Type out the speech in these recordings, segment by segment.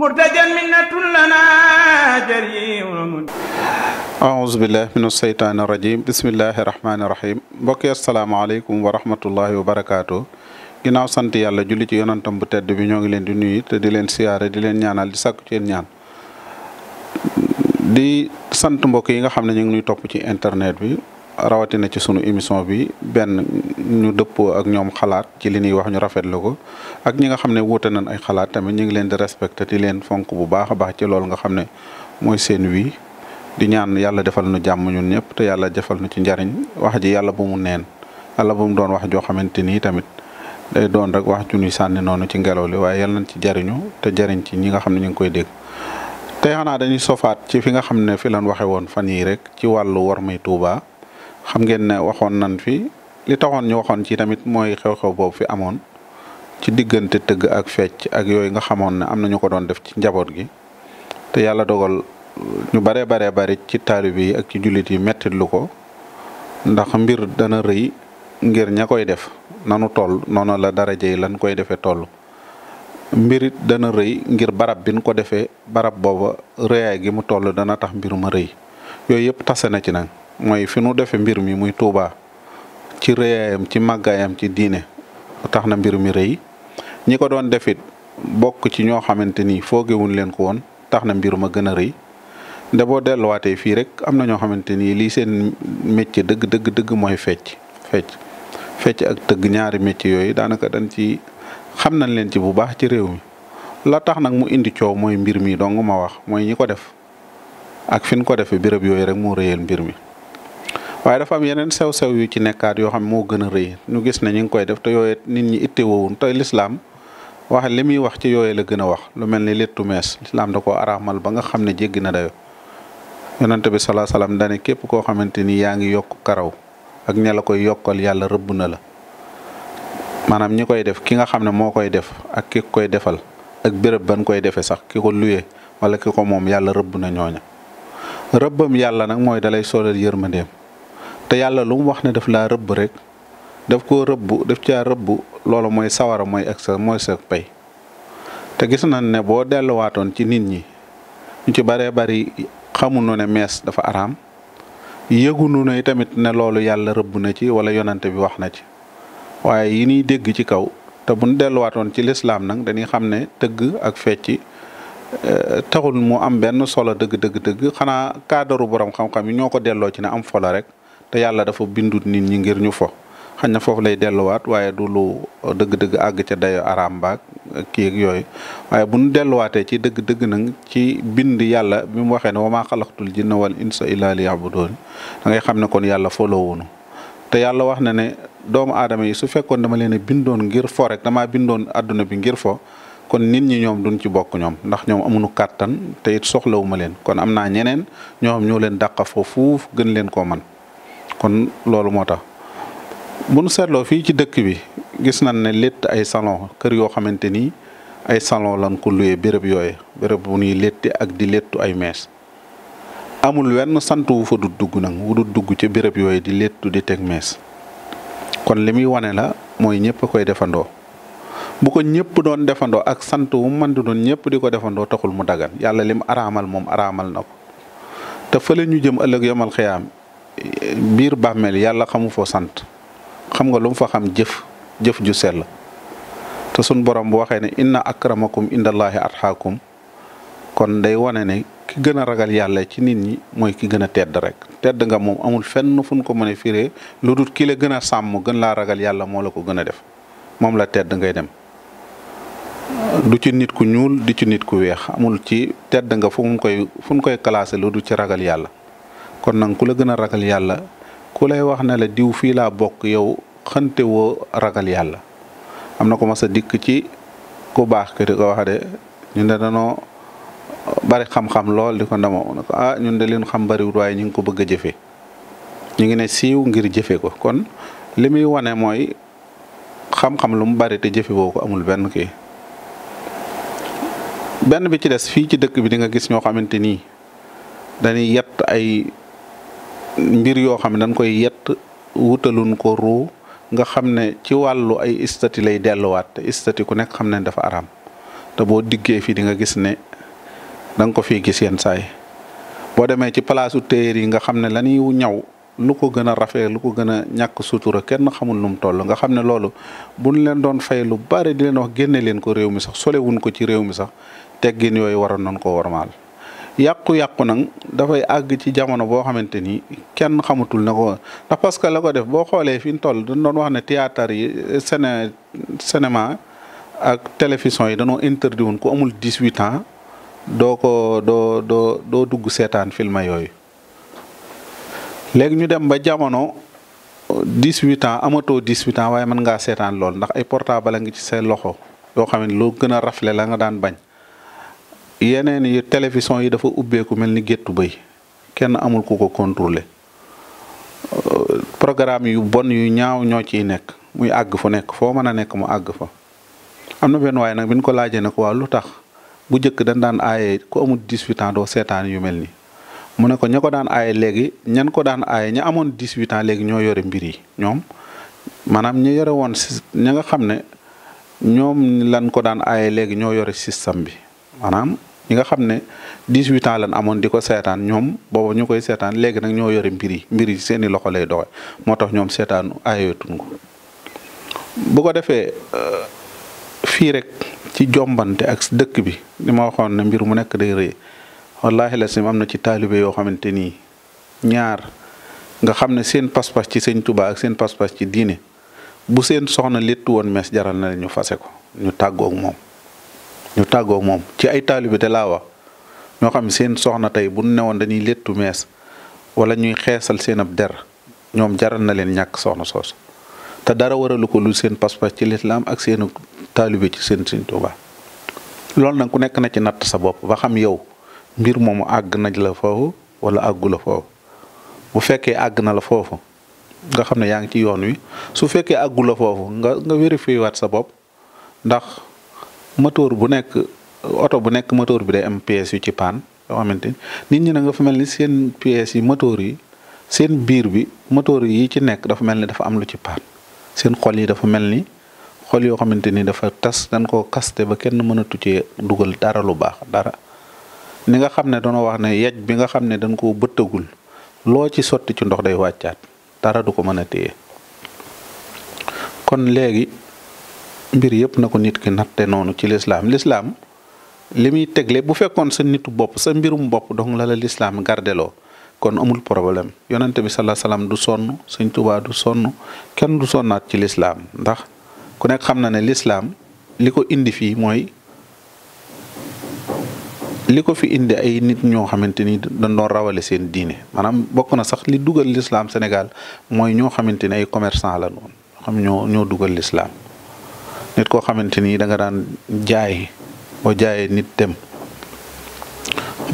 murtajan minnatun lana jariun aousubillah min asheytaani irajim bismillahi irahmaaniirahim mbokki asalaamaaleykum wa rahmatullahi wa barakaatu ginnaaw sant yàlla julli ci yonantam bu tedd bi ñoo ngi leen di nuyu te di leen siyaare di leen ñaanal di sàkku ceen ñaan di sant mbokk yi nga xam ne ñu ngi nuy topp ci internet bi rawatina ci sunu émission bi benn ñu dëppoo ak ñoom xalaat ci li ñuy wax ñu rafetlu ko ak ñi nga xam ne wuute nañ ay xalaat tamit ñu ngi leen di respecté di leen fonk bu baax a baax ci loolu nga xam ne mooy seen wii di ñaan yàlla defal nu jàmm ñëpp te yàlla defal nu ci njariñ wax ji yàlla bu mu neen yàlla bu mu doon wax joo xamante nii tamit day doon rek wax ñuy sànni noonu ci ngelaw li waaye yàlla nañ ci jariñu te jariñ ci ñi nga xam ne ñu ngi koy dégg tey xanaa dañuy sofaat ci fi nga xam ne fi lan waxe woon fan yii rek ci wàllu war may Touba xam ngeen ne waxoon nan fi li taxoon ñu waxoon ci tamit mooy xew-xew boobu fi amoon ci diggante tëgg ak fecc ak yooyu nga xamoon ne am na ñu ko doon def ci njaboot gi te yàlla dogal ñu baree baree bari ci taalibe yi ak ci jullit yi mettit ko ndax mbir dana rëy ngir ña koy def nanu tool noonu la dara yi lan koy defee toll mbirit dana rëy ngir barab bin ko defee barab booba rëyaay gi mu toll dana tax mbir ma rëy yooyu yëpp tase na ci nag mooy fi nu defee mbir mi muy Touba ci rëyaayam ci màggaayam ci diine tax na mbir mi rëy ñi ko doon defit bokk ci ñoo xamante ni foogewuñ leen ko woon tax na mbir ma gën a rëy nde boo delluwaatee fii rek am na ñoo xamante ni lii seen métier dëgg dëgg dëgg mooy fecc fecc fecc ak tëgg ñaari métier yooyu daanaka dañ ci xam nañ leen ci bu baax ci réew mi la tax nag mu indi coow mooy mbir mi dong ma wax mooy ñi ko def ak fin ko defee béréb yooyu rek moo rëyeel mbir mi. waaye dafa am yeneen sew-sew yu ci nekkaat yoo xam moo gën a rëy ñu gis ne ñu ngi koy def te yooye nit ñi itte woowun te lislaam wax li muy wax ci yooye la gën a wax lu mel ni léttu mees lislaam da ko araamal ba nga xam ne jéggi na dayo yonante bi salaa salaam dane képp koo xamante ni yaa ngi yokk karaw ak ña la koy yokkal yàlla rëbb na la maanaam ñi koy def ki nga xam ne moo koy def ak ki koy defal ak béréb ban koy defee sax ki ko luye wala ki moom yàlla rëbb na ñooña rëbbam yàlla nag mooy dalay solal yërmandeem te yàlla lu wax ne daf laa rëbb rek def ko rëbb def caa rëbb loolu mooy sawara mooy ak mooy sa pay te gis nañ ne boo delluwaatoon ci nit ñi ñu ci baree bari xamuñu ne mees dafa araam yëgunu ne tamit ne loolu yàlla rëbb na ci wala yonante bi wax na ci waaye yi ñuy dégg ci kaw te bu delluwaatoon ci lislaam nag dañuy xam ne tëgg ak fecc eh, taxul mu am benn solo dëgg dëgg dëgg xanaa kaadaru borom xam-xam yi ñoo ko delloo ci ne am folo rek te yàlla dafa bindut nit ñi ngir ñu fo xañ na foofu lay delluwaat waaye du lu uh, dëgg-dëgg àgg ca dayo araam baag uh, kii ak yooyu waaye bu ñu delluwaatee ci dëgg-dëgg nag ci bind yàlla bi mu waxee ne wa maa xalaxtul jinna wal insa illaa liyabudoon da ngay xam ne kon yàlla folowunu te yàlla wax na ne doomu adama yi su fekkoon dama leen bindoon ngir fo rek damaa bindoon àdduna bi ngir fo kon nit ñi ñoom duñ ci bokk ñoom ndax ñoom amunu kàttan te it soxlawuma leen kon am naa ñeneen ñoom ñoo leen dàqa fo gën leen koo man kon loolu moo tax bu nu seetloo fii ci dëkk bi gis nañ ne létt ay salon kër yoo xamante ni ay salon lan ko luyee béréb yooyu béréb bu ñuy létti ak di létt ay mees amul wenn sant wu fa du dugg nag wu du dugg ci béréb yooyu di létt di teg mees kon li muy wane la mooy ñëpp koy defandoo bu ko ñëpp doon defandoo ak sant wu mën di doon ñëpp di ko defandoo taxul mu dagan yàlla lim araamal moom araamal na ko te fale ñu jëm ëllëg yomal xiyaam biir bàmmeel yàlla xamu foo sant xam nga lu mu fa xam jëf jëf ju sell te sun borom bu waxee ne inna akramakum indallahi atxaakum kon day wane ne ki gën a ragal yàlla ci nit ñi mooy ki gën a tedd rek tedd nga moom amul fenn fu ko mën a lu dul ki la gën a sàmm gën laa ragal yàlla moo la ko gën a def moom la tedd ngay dem du ci nit ku ñuul du ci nit ku weex amul ci tedd nga fu koy fu koy classé lu dul ci ragal yàlla kon nag ku la gën a ragal yàlla ku lay wax ne la diw fii laa bokk yow xante woo ragal yàlla am na ko mas dikk ci ku baax ke di ko wax de ñu ne danoo bari xam lool di ko ndamoo ah, ñun de leen xam bariwut waaye ñu ngi ko bëgg a jëfee ñu ngi ne siiw ngir jëfe ko kon li muy wane mooy xam lu mu bari te jëfe ko amul benn kii benn bi ci des fii ci dëkk bi di nga gis ñoo xamante nii dañuy yett ay mbir yoo xam ne dañ koy yett wutaluñ ko ruu nga xam ne ci wàllu ay istati lay delluwaat te istati ku nekk xam ne dafa araam te boo diggee fii di nga gis ne da ko fii gis yenn saay boo demee ci palaasu téer yi nga xam ne la ñaw lu ko gën a rafet lu ko gën a ñàkk sutura kenn xamul nu mu toll nga xam ne loolu buñ leen doon fay lu bari di leen wax génne leen ko réew mi sax solewuñ ko ci réew mi sax teggin yooyu waroon nañ koo warmaal yàqu-yàqu nag dafay àgg ci jamono boo xamante ni kenn xamatul na ko ndax parce que la ko def boo xoolee fi ñu toll dañ doon wax ne théâtre yi ciné cinéma ak télévision yi dañoo interdit woon ku amul dix-huit ans doo ko doo doo doo dugg seetaan film yooyu léegi ñu dem ba jamono dix-huit ans amatoo dix-huit ans waaye mën ngaa seetaan lool ndax ay portable a ngi ci seen loxo yoo xam ne loo gën a rafle la nga daan bañ yeneen yi télévision yi dafa ubbeeku mel ni géttu bëy kenn amul ku ko contrôler programme yu bon yu ñaaw ñoo ciy nekk muy àgg fu nekk foo mën a nekk mu àgg fa am na benn waaye nag bi ko laajee ne ko waaw lu tax bu njëkk dañ daan aaye ku amul 18 ans doo seetaan yu mel ni mu ne ko ña ko daan aaye léegi ñan ko daan aaye ña amoon 18 ans léegi ñoo yore mbir yi ñoom maanaam ñi yore woon si ña nga xam ne ñoom lan ko daan aaye léegi ñoo yore système bi maanaam ñi nga xam ne 18 ans lan amoon di ko seetaan ñoom booba ñu koy seetaan léegi nag ñoo yore mbir yi mbir yi seen loxo lay doxe moo tax ñoom seetaanu aayootuñ ko bu ko defee euh, fii rek ci jombante ak dëkk bi li ma waxoon mbir mu nekk day rëy wallaahi la sim am na ci taalibe yoo xamante nii ñaar nga xam ne seen pas-pas ci sëñ tubaa ak seen pas-pas ci diine bu seen soxna léttu woon mees jaral na ñu fase ko ñu tàggoog moom ñu tàggoo moom ci ay taalibe te laa wax ñoo xam seen soxna tey bu newoon dañuy léttu mees wala ñuy xeesal seen ab der ñoom jaral na leen ñàkk soxna soos te dara waralu ko lu seen pas-pas ci lislaam ak seen taalibe ci seen Sëriñ Tuubaa loolu nag ku nekk na ci natt sa bopp ba xam yow mbir moomu àgg nañ la foofu wala àggu foofu bu fekkee àgg na la foofu nga xam ne yaa ngi ci yoon wi su fekkee àggu foofu nga nga vérifié waat sa bopp ndax moteur bu nekk oto bu nekk moteur bi day am pièces yu ci paan yoo xamante nit ñi na nga fa mel ni seen pièces yi moteur yi seen biir bi moteur yi ci nekk dafa mel ni dafa am lu ci paan seen xol yi dafa mel ni xol yoo xamante ni dafa tas dañ koo kaste ba kenn mënatu cee dugal dara lu baax dara ni nga xam ne doona wax ne yej bi nga xam ne dañ ko bëttagul loo ci sotti ci ndox day wàccaat dara du ko mën a téye kon léegi mbir yëpp na ko nit ki natte noonu ci lislaam lislaam li muy tegle bu fekkoon sa nitu bopp sa mbirum bopp donc la lislaam gardeloo kon amul problème yonente bi salaa salaam du sonn sëñ tubaa du sonn kenn du sonnaat ci lislaam ndax ku nekk xam na ne lislaam li ko indi fii mooy li ko fi indi ay nit ñoo xamante ni dañ doon rawale seen diine maanaam bokk na sax li dugal lislaam Sénégal mooy ñoo xamante ni ay commerçant la noonu xam ñoo ñoo dugal lislaam nit koo xamante ni da nga daan jaay boo jaayee nit dem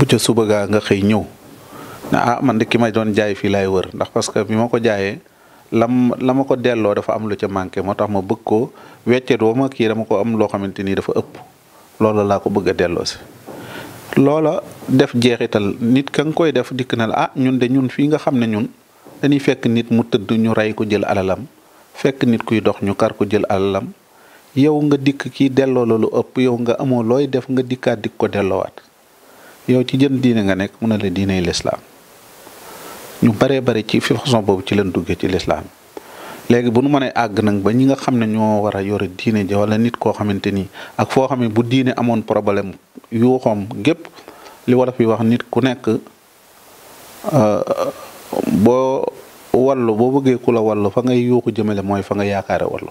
bu ca suba gaa nga xëy ñëw ne ah man de ki may doon jaay fii laay wër ndax parce que bi ma ko jaayee lam la ma ko delloo dafa am lu ca manqué moo tax ma bëgg ko weccet woo ma kii dama ko am loo xamante ni dafa ëpp loola laa ko bëgg a delloo si loola def jeexital nit ka nga koy def dikk na la ah ñun de ñun fii nga xam ne ñun dañuy fekk nit mu tëdd ñu rey ko jël alalam fekk nit kuy dox ñu kar ko jël alalam yow nga dikk kii delloo la lu ëpp yow nga amoon looy def nga dikkaat dikk ko delloowaat yow ci jën diine nga nekk mu ne la diiney lislaam ñu baree bari ci fi façon boobu ci leen duggee ci lislaam léegi bu nu mënee àgg nag ba ñi nga xam ne ñoo war a yore diine ja walla nit koo xamante ni ak foo xam ne bu diine amoon problème yuuxoom gépp li wolof yi wax nit ku nekk euh, boo wallu boo bëggee ku la wallu fa ngay yuuxu jëmale mooy fa nga yaakaare wallu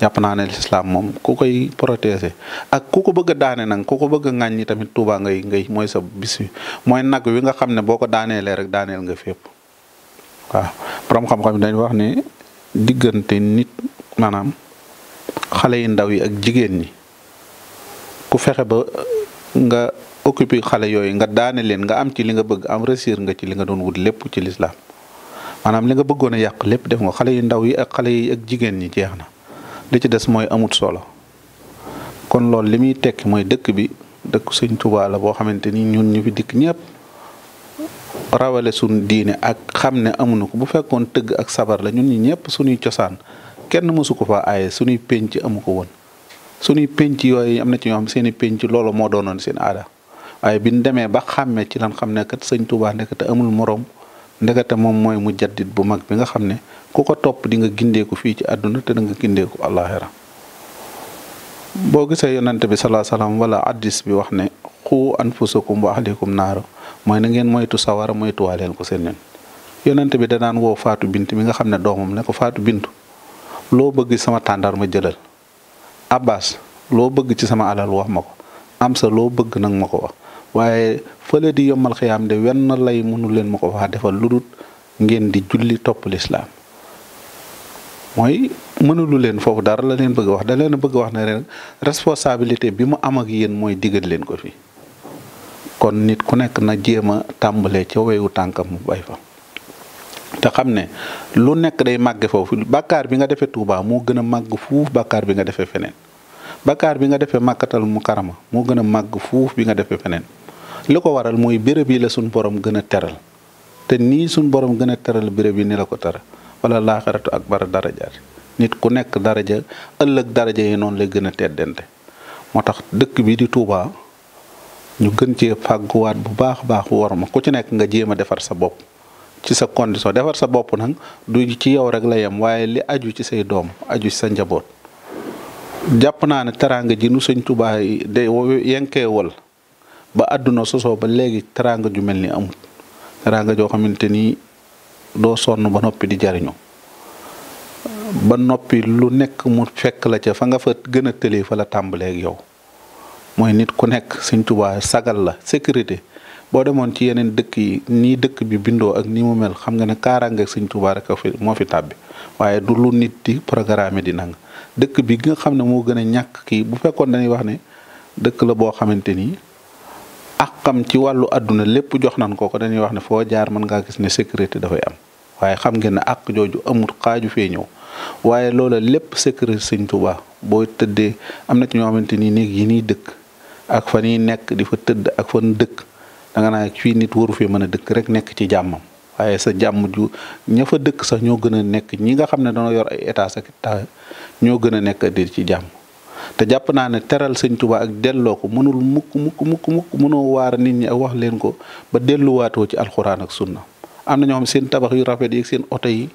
jàpp naa ne lislaam moom ku koy protéger ak ku ko bëgg a daane nag ku ko bëgg a ŋàññi tamit Touba ngay ngay mooy sa bis bi nag wi nga xam ne boo ko daaneelee rek daaneel nga fépp waaw prom xam-xam dañ wax ne diggante nit maanaam xale yu ndaw yi ak jigéen ñi ku fexe ba nga occupé xale yooyu nga daane leen nga am ci li nga bëgg am resir nga ci li nga doon wut lépp ci lislaam maanaam li nga bëggoon a yàq lépp def nga xale yu ndaw yi ak xale yi ak jigéen ñi jeex na li ci des mooy amut solo kon loolu li muy tekki mooy dëkk bi dëkk Sëñ Tuubaa la boo xamante ni ñun ñu fi dikk ñëpp rawale suñ diine ak xam ne amuñu ko bu fekkoon tëgg ak sabar la ñun ñi ñëpp suñuy cosaan kenn mësu ko faa aaye suñuy penc amu ko woon suñuy penc yooyu am na ci ñoo xam seen i penc loolu moo doonoon seen aada waaye bi ñu demee ba xàmmee ci lan xam ne kat Sëñ Tuubaa ndekete amul moroom ndekete moom mooy mu jaddit bu mag bi nga xam ne ku ko topp di nga gindeeku fii ci àdduna te da nga gindeeku àllaaxira boo gisee yonante bi salaa salaam wala addis bi wax ne xu anfusakum wa ahlikum naara mooy na ngeen moytu sawara moytu ko seen ñun yonante bi danaan woo faatu bint mi nga xam ne doomam ne ko faatu bintu loo bëgg sama tàndar ma jëlal abbas loo bëgg ci sama alal wax ma ko am sa loo bëgg nag ma ko wax waaye fële di yombal xiyaam de wenn lay mënu leen ma ko wax defal ludut ngeen di julli topp lislaam mooy mënalu leen foofu dara la leen bëgg wax da leen a bëgg wax ne leen responsabilité bi mu amag ak yéen mooy digal leen ko fi kon nit ku nekk na jéem a tàmbalee ca wewu tànkam mu bay fa te xam ne lu nekk day màgge foofu bàkkaar bi nga defee Touba moo gën a màgg fuuf bàkkaar bi nga defee feneen bàkkaar bi nga defee màkkatal mu karama moo gën a màgg fuuf bi nga defee feneen li ko waral mooy béréb yi la suñ borom gën a teral te nii suñ borom gën a teral bërëb yi ni la ko teral wala laaxiratu ak bara darajaat nit ku nekk daraja ëllëg daraja yi noonu lay gën a teddante moo tax dëkk bii di Touba ñu gën ci fàgguwaat bu baax a baax war ma ku ci nekk nga jéem a defar sa bopp ci sa condition defar sa bopp nag du ci yow rek la yem waaye li aju ci say doom aju ci sa njaboot jàpp naa ne teraanga ji nu sëñ Touba yi day yenkeewal ba àdduna sosoo ba léegi teraanga ju mel ni amut teraanga joo xamante ni doo sonn ba noppi di jariñu ba noppi lu nekk mu fekk la ca fa nga fa gën a tëlee fa la tàmbaleeg yow mooy nit ku nekk Sëñ tubaa sagal la sécurité boo demoon ci yeneen dëkk yi nii dëkk bi bindoo ak ni mu mel xam nga ne kaaraangeeg Sëñ tubaa rek moo fi tàbbi waaye du lu nit di programme di nang dëkk bi nga xam ne moo gën a ñàkk kii bu fekkoon dañuy wax ne dëkk la boo xamante ni ak xam ci wàllu àdduna lépp jox nan ko ko dañuy wax ne foo jaar mën ngaa gis ne sécurité dafay am. waaye xam ngeen ne àq jooju amul xaaju fee ñëw waaye loola lépp secret sëñ Tuubaa boo tëddee am na ci ñoo xamante ni néeg yi ñuy dëkk ak fa ñuy nekk di fa tëdd ak fan dëkk danga naa fii nit waru fee mën a dëkk rek nekk ci jàmmam waaye sa jàmm ju ña fa dëkk sax ñoo gën a nekk ñi nga xam ne dañoo yor ay état ak ñoo gën a nekk di ci jàmm te jàpp naa ne teral sëñ tubaa ak delloo ko mënul mukk mukk mukk mukk mënoo waar nit ñi ak wax leen ko ba delluwaatoo ci alxuraan ak sunna am na ñoo xam seen tabax yu rafet yi seen oto yi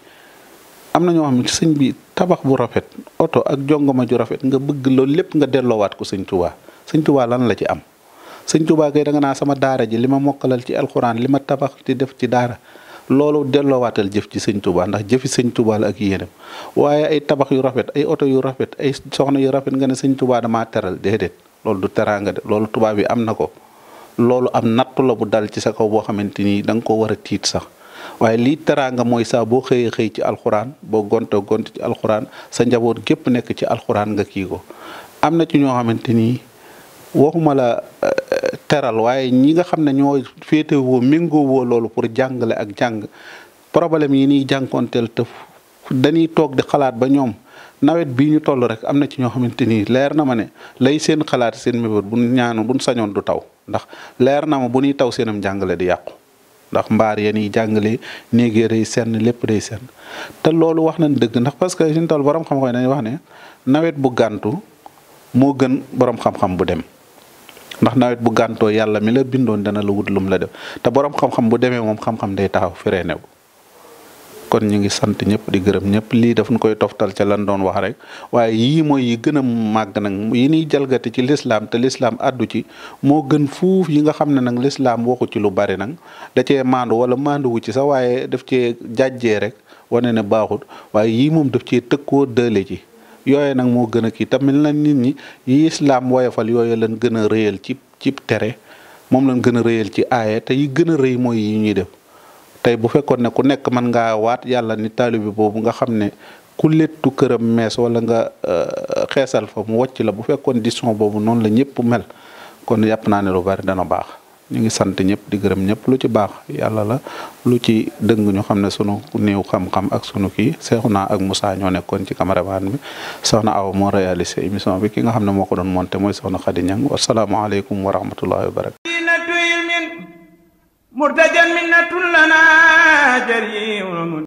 am na sëñ bi tabax bu rafet oto ak jongama ju rafet nga bëgg loolu lépp nga delloowaat ko sëñ tubaa sëñ Tuubaa lan la ci am sëñ Tuubaa kay da nga naa sama daara ji li ma mokkalal ci alxuraan li ma tabax di def ci daara loolu delloowaatal jëf ci sëñ tubaa ndax jëfi sëñ Tuubaa la ak yéenam waaye ay tabax yu rafet ay oto yu rafet ay soxna yu rafet nga ne sëñ tubaa damaa teral déedéet loolu du teraanga de loolu tubaab bi am na ko loolu am nattu la bu dal ci sa kaw boo xamante ni da ko war a tiit sax waaye lii teraanga mooy saa boo xëyee xëy ci alxuraan boo gonto gont ci alxuraan sa njaboot gépp nekk ci alxuraan nga kii ko am na ci ñoo xamante ni waxuma la euh, teral waaye ñi nga xam ne ñoo féetewoo méngoowoo loolu pour jàngale ak jàng problème yi niy jànkoonteel te dañuy toog di xalaat ba ñoom nawet bii ñu toll rek am na ci ñoo xamante ni leer na ma ne lay seen xalaat seen mébét bu ñaanu bu sañoon du taw ndax leer na ma bu ñuy taw seenam jàngale di yàqu ndax mbaar yéen yi jàngale néeg yi seen senn lépp day senn te loolu wax nañ dëgg ndax parce que suñu tool borom xam-xam yi wax ne nawet bu gàntu moo gën borom xam-xam bu dem. ndax nawet bu gàntoo yàlla mi la bindoon dana la wut lum la def te borom xam-xam bu demee moom xam-xam day taxaw firee new kon ñu ngi sant ñëpp di gërëm ñëpp lii daf ñu koy toftal ca lan doon wax rek waaye yii mooy yi gën a màgg nag yi ñuy jalgati ci lislaam te lislaam àddu ci moo gën fuuf yi nga xam ne nag lislaam waxu ci lu bari nag da cee maandu wala maanduwu ci sax waaye daf cee jàjjee rek wane ne baaxut waaye yii moom daf cee tëkkoo dële ci yooye nag moo gën a kii tamit la nit ñi yi islaam woyofal yooyu lañ gën a rëyal ci cib tere moom lañ gën a rëyal ci aaye te yi gën a rëy mooy ñuy def tey bu fekkoon ne ku nekk mën ngaa waat yàlla ni taalibe boobu nga xam ne ku léttu këram mees wala nga euh, xeesal fa mu wàcc la bu fekkoon dison boobu noonu la ñëpp mel kon yàpp naa ne lu bari dana baax ñu ngi sant ñëpp di gërëm ñëpp lu ci baax yàlla la lu ci dëng ñu xam ne sunu néew xam-xam ak sunu kii Seexuna ak Moussa ñoo nekkoon ci cameraman bi soxna Awa moo réalisé émission bi ki nga xam ne moo ko doon monté mooy soxna Khady Niang wasalaamualeykum wa rahmatullahi wa barakatu murtajan minnatun lana jariun